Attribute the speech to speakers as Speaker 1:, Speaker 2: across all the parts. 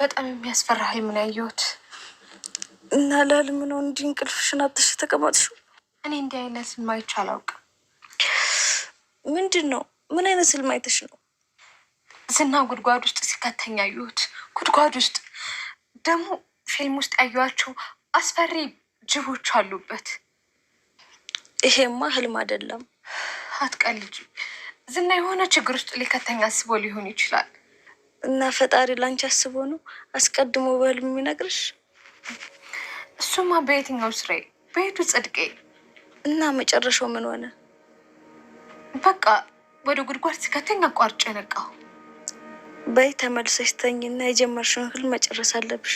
Speaker 1: በጣም የሚያስፈራ ሀይምን ያየሁት
Speaker 2: እና ለህልም ነው። እንዲህ እንቅልፍሽን አትሽ ተቀማጥሽው።
Speaker 1: እኔ እንዲህ አይነት ህልም አይቼ አላውቅም።
Speaker 2: ምንድን ነው? ምን አይነት ህልም አይተሽ ነው?
Speaker 1: ዝና ጉድጓድ ውስጥ ሲከተኝ ያየሁት። ጉድጓድ ውስጥ ደግሞ ፊልም ውስጥ ያየኋቸው አስፈሪ ጅቦች አሉበት።
Speaker 2: ይሄማ ህልም አይደለም።
Speaker 1: አትቀልጅ። ዝና የሆነ ችግር ውስጥ ሊከተኝ አስቦ ሊሆን ይችላል።
Speaker 2: እና ፈጣሪ ላንቺ አስቦ ነው አስቀድሞ በህልም የሚነግርሽ።
Speaker 1: እሱማ በየትኛው ስሬ በየቱ ጽድቄ።
Speaker 2: እና መጨረሻው ምን ሆነ?
Speaker 1: በቃ ወደ ጉድጓድ ሲከተኝ አቋርጬ ነቃሁ።
Speaker 2: በይ ተመልሰሽ እና የጀመርሽውን ህልም መጨረስ አለብሽ።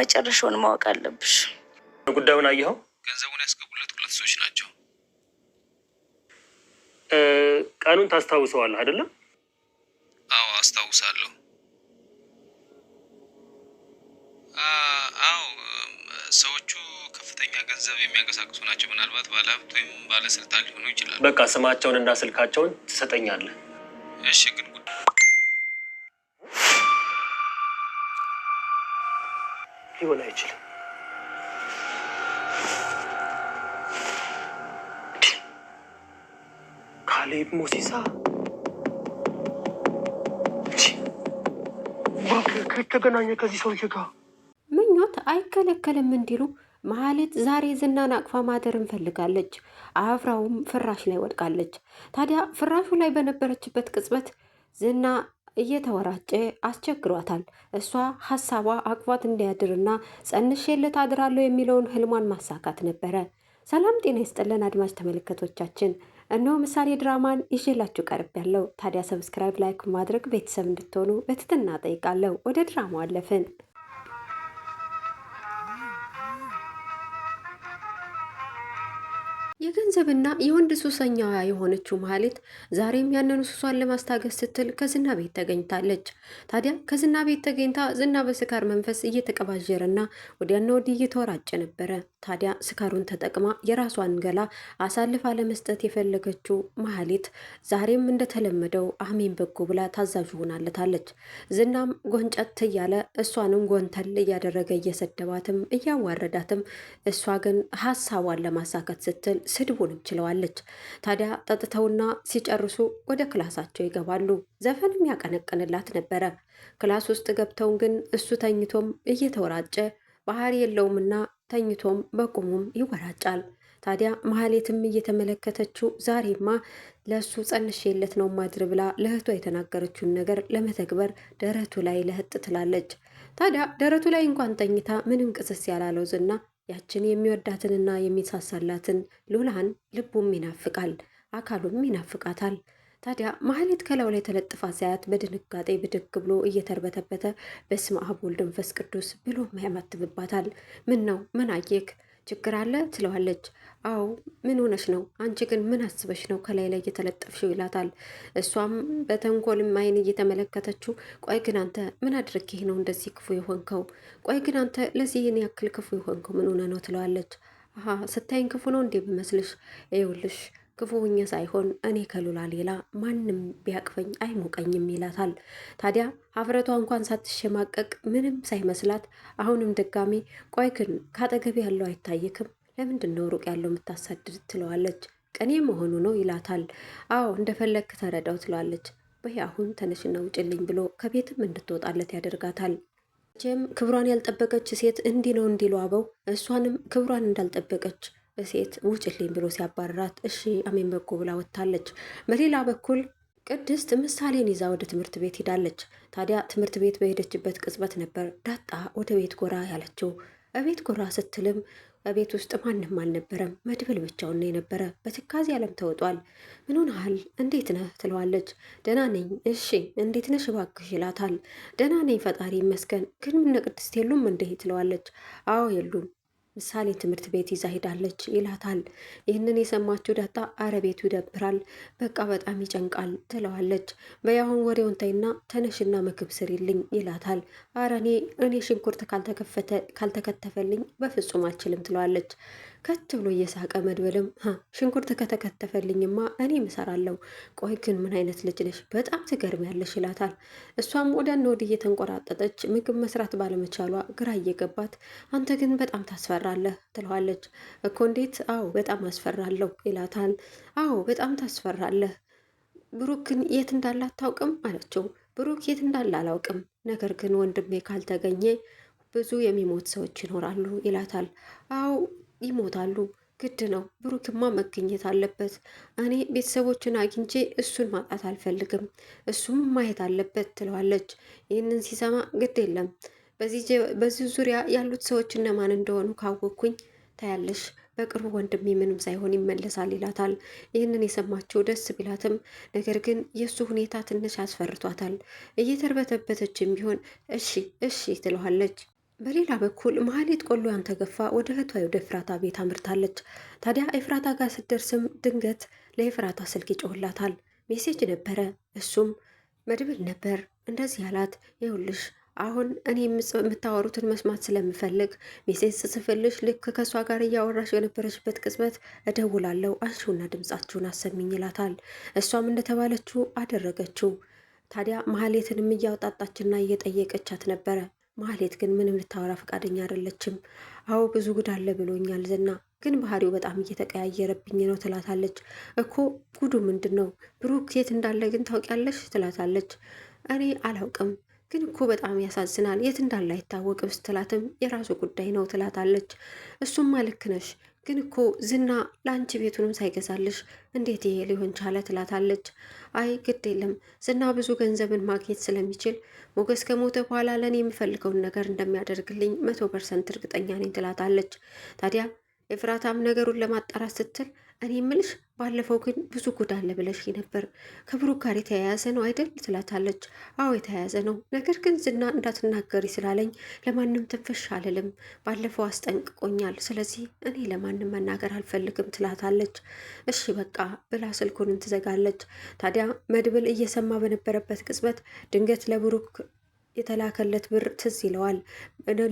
Speaker 2: መጨረሻውን ማወቅ አለብሽ።
Speaker 3: ጉዳዩን አየኸው?
Speaker 4: ገንዘቡን ያስገቡለት ሁለት ሰዎች ናቸው።
Speaker 3: ቀኑን ታስታውሰዋል አይደለም?
Speaker 4: ሰዎቹ ከፍተኛ ገንዘብ የሚያንቀሳቅሱ ናቸው። ምናልባት ባለሀብት ወይም ባለስልጣን ሊሆኑ ይችላሉ።
Speaker 3: በቃ ስማቸውን እና ስልካቸውን ትሰጠኛለህ። እሺ። ግን ሊሆን አይችልም። ካሌብ ሞሲሳ ተገናኘ ከዚህ ሰውዬ ጋር
Speaker 5: ጽናት አይከለከልም እንዲሉ ማለት ዛሬ ዝናን አቅፋ ማደር እንፈልጋለች። አፍራውም ፍራሽ ላይ ወድቃለች። ታዲያ ፍራሹ ላይ በነበረችበት ቅጽበት ዝና እየተወራጨ አስቸግሯታል። እሷ ሀሳቧ አቅፏት እንዲያድርና ጸንሼለት አድራለሁ የሚለውን ህልሟን ማሳካት ነበረ። ሰላም ጤና ይስጥልን አድማጭ ተመልከቶቻችን፣ እነሆ ምሳሌ ድራማን ይዤላችሁ ያለው። ታዲያ ሰብስክራይብ፣ ላይክ ማድረግ ቤተሰብ እንድትሆኑ በትህትና ጠይቃለሁ። ወደ ድራማው አለፍን። የገንዘብና የወንድ ሱሰኛ የሆነችው መሀሌት ዛሬም ያንኑ ሱሷን ለማስታገስ ስትል ከዝና ቤት ተገኝታለች። ታዲያ ከዝና ቤት ተገኝታ ዝና በስካር መንፈስ እየተቀባጀረና ወዲያና ወዲህ እየተወራጨ ነበረ። ታዲያ ስካሩን ተጠቅማ የራሷን ገላ አሳልፋ ለመስጠት የፈለገችው መሀሌት ዛሬም እንደተለመደው አሜን በጎ ብላ ታዛዥ ሆናለታለች። ዝናም ጎንጨት እያለ እሷንም ጎንተል እያደረገ እየሰደባትም እያዋረዳትም እሷ ግን ሀሳቧን ለማሳካት ስትል ስድቡንም ችለዋለች። ታዲያ ጠጥተውና ሲጨርሱ ወደ ክላሳቸው ይገባሉ። ዘፈንም ያቀነቀንላት ነበረ። ክላስ ውስጥ ገብተውን ግን እሱ ተኝቶም እየተወራጨ ባህሪ የለውምና ተኝቶም በቁሙም ይወራጫል። ታዲያ መሀሌትም እየተመለከተችው ዛሬማ ለእሱ ጸንሼለት ነው ማድር ብላ ለእህቷ የተናገረችውን ነገር ለመተግበር ደረቱ ላይ ለህጥ ትላለች። ታዲያ ደረቱ ላይ እንኳን ተኝታ ምንም ቅስስ ያላለው ዝና ያችን የሚወዳትንና የሚሳሳላትን ሉላን ልቡም ይናፍቃል፣ አካሉም ይናፍቃታል። ታዲያ ማህሌት ከላዩ ላይ ተለጥፋ ሳያት በድንጋጤ ብድግ ብሎ እየተርበተበተ በስመ አብ ወልድ መንፈስ ቅዱስ ብሎ ያማትብባታል። ምን ነው ምን አየክ ችግር አለ ትለዋለች። አዎ ምን ሆነሽ ነው? አንቺ ግን ምን አስበሽ ነው ከላይ ላይ እየተለጠፍሽው? ይላታል። እሷም በተንኮልም አይን እየተመለከተችው፣ ቆይ ግን አንተ ምን አድርጌህ ነው እንደዚህ ክፉ የሆንከው? ቆይ ግን አንተ ለዚህን ያክል ክፉ የሆንከው ምን ሆነ ነው ትለዋለች። አሀ ስታይን ክፉ ነው እንዴ ብመስልሽ? ይኸውልሽ ክፉኛ ሳይሆን እኔ ከሉላ ሌላ ማንም ቢያቅፈኝ አይሞቀኝም ይላታል። ታዲያ ሀፍረቷ እንኳን ሳትሸማቀቅ ምንም ሳይመስላት አሁንም ድጋሜ ቆይ ግን ከአጠገብ ያለው አይታይክም ለምንድን ነው ሩቅ ያለው የምታሳድድ ትለዋለች። ቀኔ መሆኑ ነው ይላታል። አዎ እንደፈለግክ ተረዳው ትለዋለች። በይ አሁን ተነሽና ውጭልኝ ብሎ ከቤትም እንድትወጣለት ያደርጋታል። ጀም ክብሯን ያልጠበቀች ሴት እንዲህ ነው እንዲሉ አበው እሷንም ክብሯን እንዳልጠበቀች ሴት ውጭልኝ ብሎ ሲያባራት እሺ አሜን በጎ ብላ ወጥታለች። በሌላ በኩል ቅድስት ምሳሌን ይዛ ወደ ትምህርት ቤት ሄዳለች። ታዲያ ትምህርት ቤት በሄደችበት ቅጽበት ነበር ዳጣ ወደ ቤት ጎራ ያለችው። እቤት ጎራ ስትልም በቤት ውስጥ ማንም አልነበረም። መድብል ብቻውን ነው የነበረ። በትካዜ ዓለም ተውጧል። ምን ሆነሃል? እንዴት ነህ ትለዋለች። ደህና ነኝ እሺ፣ እንዴት ነሽ እባክሽ ይላታል። ደህና ነኝ ፈጣሪ ይመስገን፣ ግን ምነቅድስት የሉም እንዴ ትለዋለች። አዎ የሉም ምሳሌ ትምህርት ቤት ይዛ ሄዳለች ይላታል። ይህንን የሰማችው ዳጣ አረ ቤቱ ይደብራል፣ በቃ በጣም ይጨንቃል ትለዋለች። በያሁን ወሬውን ተይና ተነሽና ምግብ ስሪልኝ ይላታል። አረ እኔ እኔ ሽንኩርት ካልተከተፈልኝ በፍጹም አልችልም ትለዋለች። ከት ብሎ እየሳቀ መድበልም ሽንኩርት ከተከተፈልኝማ እኔም እሰራለሁ። ቆይ ግን ምን አይነት ልጅ ነሽ? በጣም ትገርሚያለሽ ይላታል። እሷም ወዲያና ወዲህ እየተንቆራጠጠች ምግብ መስራት ባለመቻሏ ግራ እየገባት አንተ ግን በጣም ታስፈራለህ ትለዋለች። እኮ እንዴት? አዎ በጣም አስፈራለሁ ይላታል። አዎ በጣም ታስፈራለህ ብሩክን የት እንዳለ አታውቅም አለችው። ብሩክ የት እንዳለ አላውቅም፣ ነገር ግን ወንድሜ ካልተገኘ ብዙ የሚሞት ሰዎች ይኖራሉ ይላታል። አዎ ይሞታሉ። ግድ ነው። ብሩክማ መገኘት አለበት። እኔ ቤተሰቦችን አግኝቼ እሱን ማጣት አልፈልግም፣ እሱም ማየት አለበት ትለዋለች። ይህንን ሲሰማ ግድ የለም በዚህ ዙሪያ ያሉት ሰዎች እነማን እንደሆኑ ካወቅኩኝ ታያለሽ፣ በቅርቡ ወንድሜ ምንም ሳይሆን ይመለሳል ይላታል። ይህንን የሰማችው ደስ ቢላትም ነገር ግን የእሱ ሁኔታ ትንሽ አስፈርቷታል። እየተርበተበተችም ቢሆን እሺ እሺ ትለዋለች። በሌላ በኩል መሀሌት ቆሎዋን ተገፋ ወደ እህቷ ወደ ኤፍራታ ቤት አምርታለች። ታዲያ ኤፍራታ ጋር ስትደርስም ድንገት ለኤፍራታ ስልክ ይጮህላታል። ሜሴጅ ነበረ፣ እሱም መድብል ነበር እንደዚህ ያላት፣ ይኸውልሽ አሁን እኔ የምታወሩትን መስማት ስለምፈልግ ሜሴጅ ስጽፍልሽ ልክ ከእሷ ጋር እያወራሽ የነበረችበት ቅጽበት እደውላለሁ፣ አንሺውና ድምፃችሁን አሰሚኝ ይላታል። እሷም እንደተባለችው አደረገችው። ታዲያ መሀሌትንም እያውጣጣችና እየጠየቀቻት ነበረ። ማህሌት ግን ምንም ልታወራ ፈቃደኛ አይደለችም። አዎ ብዙ ጉድ አለ ብሎኛል ዝና፣ ግን ባህሪው በጣም እየተቀያየረብኝ ነው ትላታለች። እኮ ጉዱ ምንድን ነው ብሩክ የት እንዳለ ግን ታውቂያለሽ? ትላታለች። እኔ አላውቅም ግን እኮ በጣም ያሳዝናል፣ የት እንዳለ አይታወቅም ስትላትም የራሱ ጉዳይ ነው ትላታለች። እሱም ልክ ነሽ ግን እኮ ዝና ለአንቺ ቤቱንም ሳይገዛልሽ እንዴት ይሄ ሊሆን ቻለ? ትላታለች። አይ ግድ የለም ዝና ብዙ ገንዘብን ማግኘት ስለሚችል ሞገስ ከሞተ በኋላ ለእኔ የምፈልገውን ነገር እንደሚያደርግልኝ መቶ ፐርሰንት እርግጠኛ ነኝ ትላታለች። ታዲያ የፍራታም ነገሩን ለማጣራት ስትል እኔ ምልሽ ባለፈው ግን ብዙ ጉድ አለ ብለሽ ነበር። ከብሩክ ጋር የተያያዘ ነው አይደል? ትላታለች። አዎ የተያያዘ ነው፣ ነገር ግን ዝና እንዳትናገሪ ስላለኝ ለማንም ትንፍሽ አልልም። ባለፈው አስጠንቅቆኛል። ስለዚህ እኔ ለማንም መናገር አልፈልግም ትላታለች። እሺ በቃ ብላ ስልኩንም ትዘጋለች። ታዲያ መድብል እየሰማ በነበረበት ቅጽበት ድንገት ለብሩክ የተላከለት ብር ትዝ ይለዋል።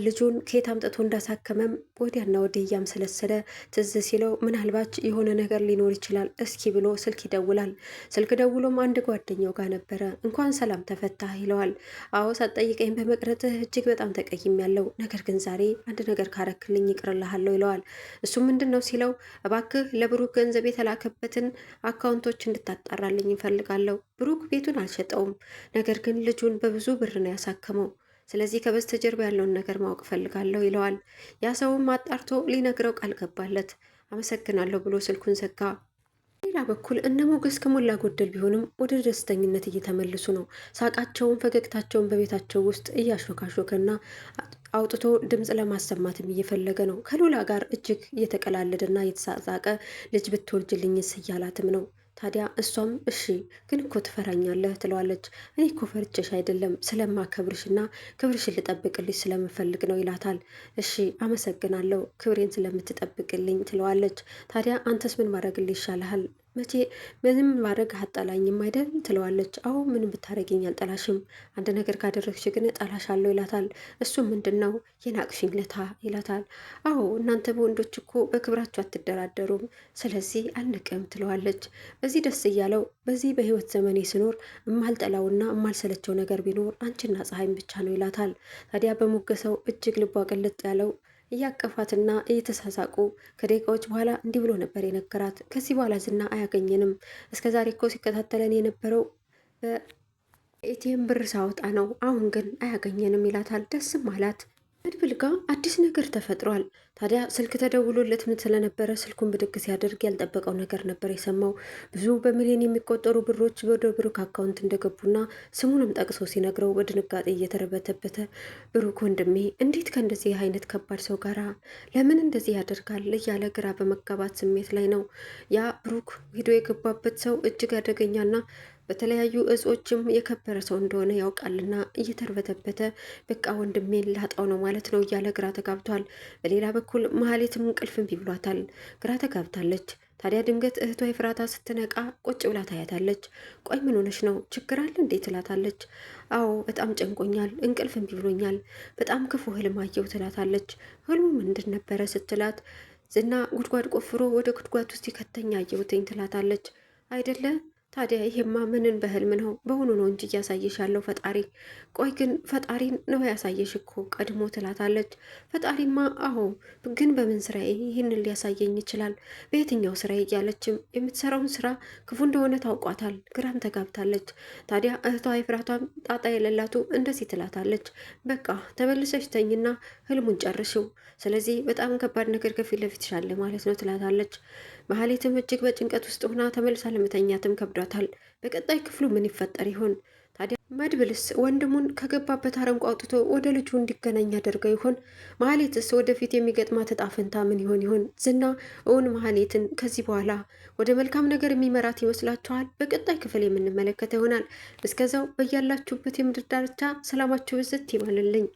Speaker 5: ልጁን ከየት አምጥቶ እንዳሳከመም ወዲያና ወዲህ እያምሰለሰለ ትዝ ሲለው ምናልባች የሆነ ነገር ሊኖር ይችላል እስኪ ብሎ ስልክ ይደውላል። ስልክ ደውሎም አንድ ጓደኛው ጋር ነበረ። እንኳን ሰላም ተፈታህ ይለዋል። አዎ ሳትጠይቀኝ በመቅረትህ እጅግ በጣም ተቀይም ያለው ነገር ግን ዛሬ አንድ ነገር ካረክልኝ ይቅርልሃለሁ ይለዋል። እሱ ምንድን ነው ሲለው እባክህ ለብሩክ ገንዘብ የተላከበትን አካውንቶች እንድታጣራልኝ ይፈልጋለሁ። ብሩክ ቤቱን አልሸጠውም፣ ነገር ግን ልጁን በብዙ ብር ነው ያሳ የሚያሳክመው። ስለዚህ ከበስተጀርባ ያለውን ነገር ማወቅ ፈልጋለሁ ይለዋል። ያ ሰውም አጣርቶ ሊነግረው ቃል ገባለት። አመሰግናለሁ ብሎ ስልኩን ዘጋ። ሌላ በኩል እነ ሞገስ ከሞላ ጎደል ቢሆንም ወደ ደስተኝነት እየተመለሱ ነው። ሳቃቸውን፣ ፈገግታቸውን በቤታቸው ውስጥ እያሾካሾከና አውጥቶ ድምፅ ለማሰማትም እየፈለገ ነው። ከሉላ ጋር እጅግ እየተቀላለደና እየተሳሳቀ ልጅ ብትወልጅልኝስ እያላትም ነው። ታዲያ እሷም እሺ ግን እኮ ትፈራኛለህ ትለዋለች። እኔ እኮ ፈርቼሽ አይደለም ስለማከብርሽና ክብርሽን ልጠብቅልሽ ስለምፈልግ ነው ይላታል። እሺ አመሰግናለሁ ክብሬን ስለምትጠብቅልኝ ትለዋለች። ታዲያ አንተስ ምን ማድረግልኝ ይሻልሃል መቼ ምንም ማድረግ አጠላኝም አይደል ትለዋለች። አዎ ምንም ብታደረገኝ አልጠላሽም፣ አንድ ነገር ካደረግሽ ግን ጠላሽ አለው ይላታል። እሱ ምንድን ነው የናቅሽኝ ለታ ይላታል። አዎ እናንተ በወንዶች እኮ በክብራችሁ አትደራደሩም፣ ስለዚህ አልንቅም ትለዋለች። በዚህ ደስ እያለው በዚህ በህይወት ዘመኔ ስኖር እማልጠላውና እማልሰለቸው ነገር ቢኖር አንቺና ፀሐይም ብቻ ነው ይላታል። ታዲያ በሞገሰው እጅግ ልቧ ቅልጥ ያለው እያቀፋትና እየተሳሳቁ ከደቂቃዎች በኋላ እንዲህ ብሎ ነበር የነገራት። ከዚህ በኋላ ዝና አያገኘንም። እስከዛሬ እኮ ሲከታተለን የነበረው በኤቲኤም ብር ሳወጣ ነው። አሁን ግን አያገኘንም ይላታል። ደስም አላት። መድብል አዲስ ነገር ተፈጥሯል። ታዲያ ስልክ ተደውሎለት ምን ስለነበረ ስልኩን ብድግ ሲያደርግ ያልጠበቀው ነገር ነበር የሰማው። ብዙ በሚሊዮን የሚቆጠሩ ብሮች ወደ ብሩክ አካውንት እንደገቡና ስሙንም ጠቅሶ ሲነግረው በድንጋጤ እየተረበተበተ ብሩክ ወንድሜ፣ እንዴት ከእንደዚህ አይነት ከባድ ሰው ጋራ ለምን እንደዚህ ያደርጋል እያለ ግራ በመጋባት ስሜት ላይ ነው። ያ ብሩክ ሂዶ የገባበት ሰው እጅግ አደገኛና በተለያዩ እጾችም የከበረ ሰው እንደሆነ ያውቃልና እየተርበተበተ በቃ ወንድሜን ላጣው ነው ማለት ነው እያለ ግራ ተጋብቷል። በሌላ በኩል መሀሌትም እንቅልፍም ይብሏታል፣ ግራ ተጋብታለች። ታዲያ ድንገት እህቷ የፍራታ ስትነቃ ቁጭ ብላ ታያታለች። ቆይ ምን ሆነሽ ነው? ችግር አለ እንዴ? ትላታለች። አዎ በጣም ጨንቆኛል፣ እንቅልፍ ቢብሎኛል፣ በጣም ክፉ ህልም አየሁ ትላታለች። ህልሙ ምንድን ነበረ ስትላት ዝና ጉድጓድ ቆፍሮ ወደ ጉድጓድ ውስጥ ይከተኛ አየሁትኝ ትላታለች። አይደለ ታዲያ ይሄማ ምንን በህልም ነው? በሆኑ ነው እንጂ እያሳየሻለሁ ፈጣሪ። ቆይ ግን ፈጣሪን ነው ያሳየሽ እኮ ቀድሞ ትላታለች። ፈጣሪማ አዎ፣ ግን በምን ስራዬ ይህንን ሊያሳየኝ ይችላል? በየትኛው ስራዬ? እያለችም የምትሰራውን ስራ ክፉ እንደሆነ ታውቋታል። ግራም ተጋብታለች። ታዲያ እህቷ የፍራቷም ጣጣ የሌላቱ እንደዚህ ትላታለች። በቃ ተመልሰሽ ተኝና ህልሙን ጨርሽው። ስለዚህ በጣም ከባድ ነገር ከፊት ለፊት አለ ማለት ነው ትላታለች። መሀሌትም እጅግ በጭንቀት ውስጥ ሆና ተመልሳ ለመተኛትም ከብዷል። ይረዳታል። በቀጣይ ክፍሉ ምን ይፈጠር ይሆን ታዲያ? መድብልስ ወንድሙን ከገባበት አረንቋ አውጥቶ ወደ ልጁ እንዲገናኝ ያደርገው ይሆን? መሀሌትስ ወደፊት የሚገጥማት ዕጣ ፈንታ ምን ይሆን ይሆን? ዝና እውን መሀሌትን ከዚህ በኋላ ወደ መልካም ነገር የሚመራት ይመስላችኋል? በቀጣይ ክፍል የምንመለከተው ይሆናል። እስከዛው በያላችሁበት የምድር ዳርቻ ሰላማችሁ ብዝት ይባልልኝ።